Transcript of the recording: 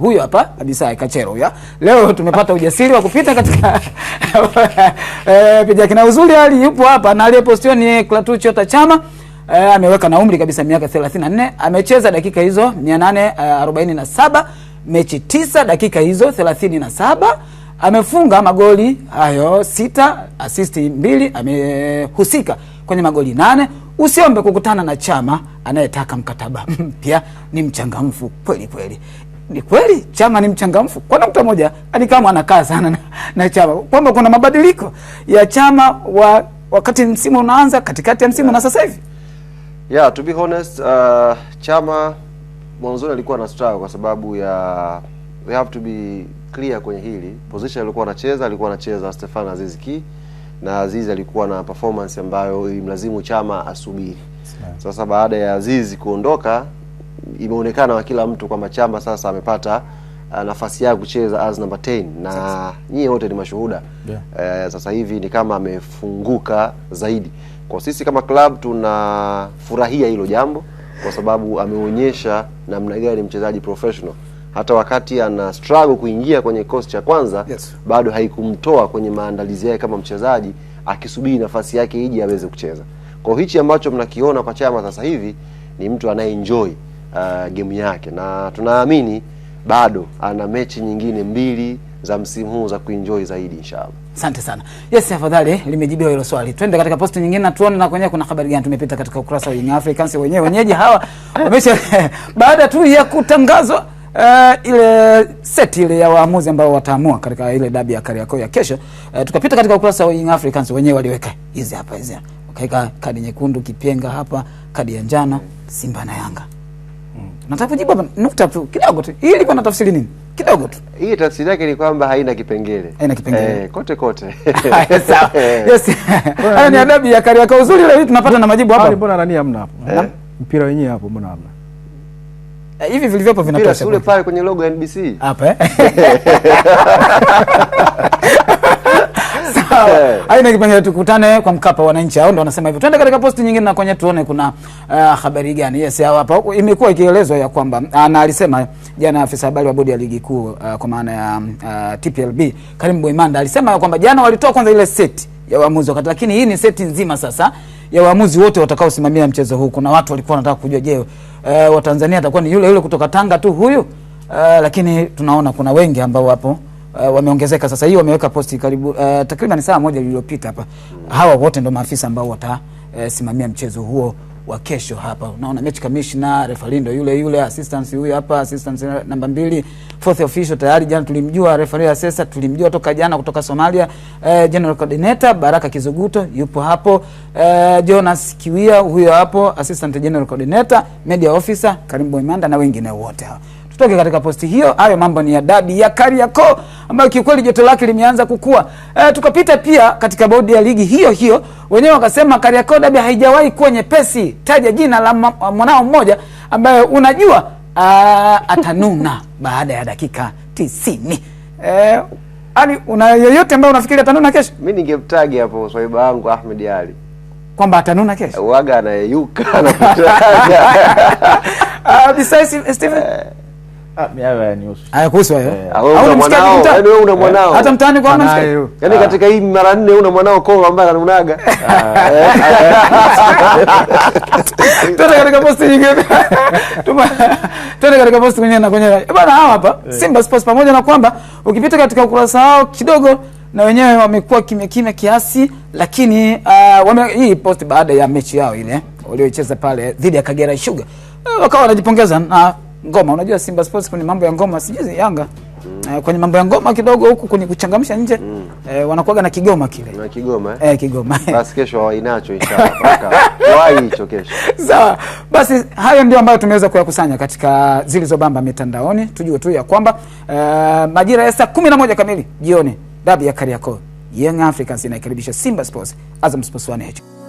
huyo hapa kabisa Kachero ya. Leo tumepata ujasiri wa kupita katika eh, pia kina uzuri hali yupo hapa na aliyepostiwa ni Klatucho Tachama. Eh, ameweka na umri kabisa miaka 34, amecheza dakika hizo 847, eh, mechi tisa, dakika hizo 37, amefunga magoli hayo sita, asisti mbili, amehusika kwenye magoli nane. Usiombe kukutana na Chama anayetaka mkataba mpya ni mchangamfu kweli kweli ni kweli chama ni mchangamfu. nukta moja ani alikama anakaa sana na, na chama kwamba kuna mabadiliko ya chama wa, wakati msimu unaanza katikati ya msimu yeah. na sasa hivi yeah, to be honest uh, chama mwanzoni alikuwa na struggle kwa sababu ya we have to be clear kwenye hili position alikuwa anacheza, alikuwa anacheza Stefan Aziz Ki na Aziz alikuwa na performance ambayo ilimlazimu chama asubiri. Sasa baada ya Aziz kuondoka imeonekana wa kila mtu kwamba Chamba sasa amepata uh, nafasi yake kucheza as number 10 na nyie wote ni mashuhuda yeah. Uh, sasa hivi ni kama amefunguka zaidi. Kwa sisi kama club tunafurahia hilo jambo, kwa sababu ameonyesha namna gani mchezaji professional hata wakati ana struggle kuingia kwenye kikosi cha kwanza yes. Bado haikumtoa kwenye maandalizi yake kama mchezaji, akisubiri nafasi yake iji aweze kucheza. Kwa hichi ambacho mnakiona kwa Chama sasa hivi ni mtu anayeenjoy uh, gemu yake, na tunaamini bado ana mechi nyingine mbili za msimu huu za kuenjoy zaidi inshallah. Asante sana. Yes, afadhali limejibiwa hilo swali. Twende katika posti nyingine na tuone na kwenye kuna habari gani tumepita katika ukurasa wa Young Africans wenyewe wenyeji hawa wamesha baada tu ya kutangazwa Uh, ile set ile ya waamuzi ambao wataamua katika ile dabi ya Kariakoo ya kesho. Uh, tukapita katika ukurasa wa Young Africans wenyewe waliweka hizi hapa hizi. Wakaweka kadi nyekundu Kipenga hapa, kadi ya njano Simba na Yanga mm. Nataka kujibu nukta tu kidogo tu. Hii ilikuwa na tafsiri nini? Kidogo tu. Hii tafsiri yake ni kwamba haina kipengele. Haina kipengele. Eh, kote kote. Sawa. Eh. Yes. Haya ni adabu ya kari yako uzuri leo tunapata na majibu hapa. Mbona nani hamna hapo? Eh. Mpira wenyewe hapo mbona hamna? Eh, hivi vilivyopo vinatosha. Mpira pale kwenye logo ya NBC. Hapa eh. Aina kipengele tukutane kwa Mkapa, wananchi hao ndio wanasema hivyo. Twende katika posti nyingine na kwenye tuone kuna uh, habari gani. Yes, hapa imekuwa ikielezwa ya kwamba uh, na alisema jana afisa habari wa bodi ya ligi kuu uh, kwa maana ya uh, TPLB Karim Boimanda alisema kwamba jana walitoa kwanza ile seti ya waamuzi wakati, lakini hii ni seti nzima sasa ya waamuzi wote watakaosimamia mchezo huu. Kuna watu walikuwa wanataka kujua, je, uh, Watanzania atakuwa ni yule yule kutoka Tanga tu huyu? Uh, lakini tunaona kuna wengi ambao wapo uh, wameongezeka sasa. Hii wameweka posti karibu uh, takriban saa moja iliyopita hapa. mm. Hawa wote ndo maafisa ambao watasimamia uh, mchezo huo wa kesho hapa. Unaona match commissioner, referee yule yule, assistant huyu hapa, assistant namba mbili, fourth official tayari jana tulimjua, referee assessor tulimjua toka jana kutoka Somalia. Uh, general coordinator Baraka Kizuguto yupo hapo. Uh, Jonas Kiwia huyo hapo, assistant general coordinator, media officer Karimbo Imanda na wengine wote hawa toke katika posti hiyo. Hayo mambo ni ya dabi ya Kariakoo ambayo kiukweli joto lake limeanza kukua. E, tukapita pia katika bodi ya ligi hiyo hiyo, wenyewe wakasema Kariakoo dabi haijawahi kuwa nyepesi. Taja jina la mwanao mmoja ambaye unajua a, ah, atanuna baada ya dakika tisini. E, eh, ani una yeyote ambaye unafikiri atanuna kesho? Mimi ningemtagi hapo swaiba wangu Ahmed Ali kwamba atanuna kesho, waga anayeyuka anakutaga. Uh, ah, besides Stephen eh. Ah, eh, ah, yaani eh, hata mtaani yaani, ah. katika hii mara nne una mwanao Kolo ambaye katika posti kwenye na kwenye eh, bana hawa hapa Simba Sports, pamoja na kwamba ukipita katika ukurasa wao kidogo na wenyewe wamekuwa kimya kimya kiasi, lakini uh, hii posti baada ya mechi yao ile waliocheza pale dhidi ya Kagera shuga wakawa wanajipongeza na ngoma. Unajua Simba Sports kwenye mambo ya ngoma, sijui Yanga mm. e, kwenye mambo ya ngoma kidogo huku kwenye kuchangamsha nje mm. e, eh, wanakuaga na kigoma kile na kigoma eh, E, kigoma basi kesho inacho inshallah paka hicho kesho sawa. Basi hayo ndio ambayo tumeweza kuyakusanya katika Zilizobamba mitandaoni. Tujue tu ya kwamba uh, majira ya saa 11 kamili jioni dabi ya Kariakoo Young Africans inaikaribisha Simba Sports Azam Sports 1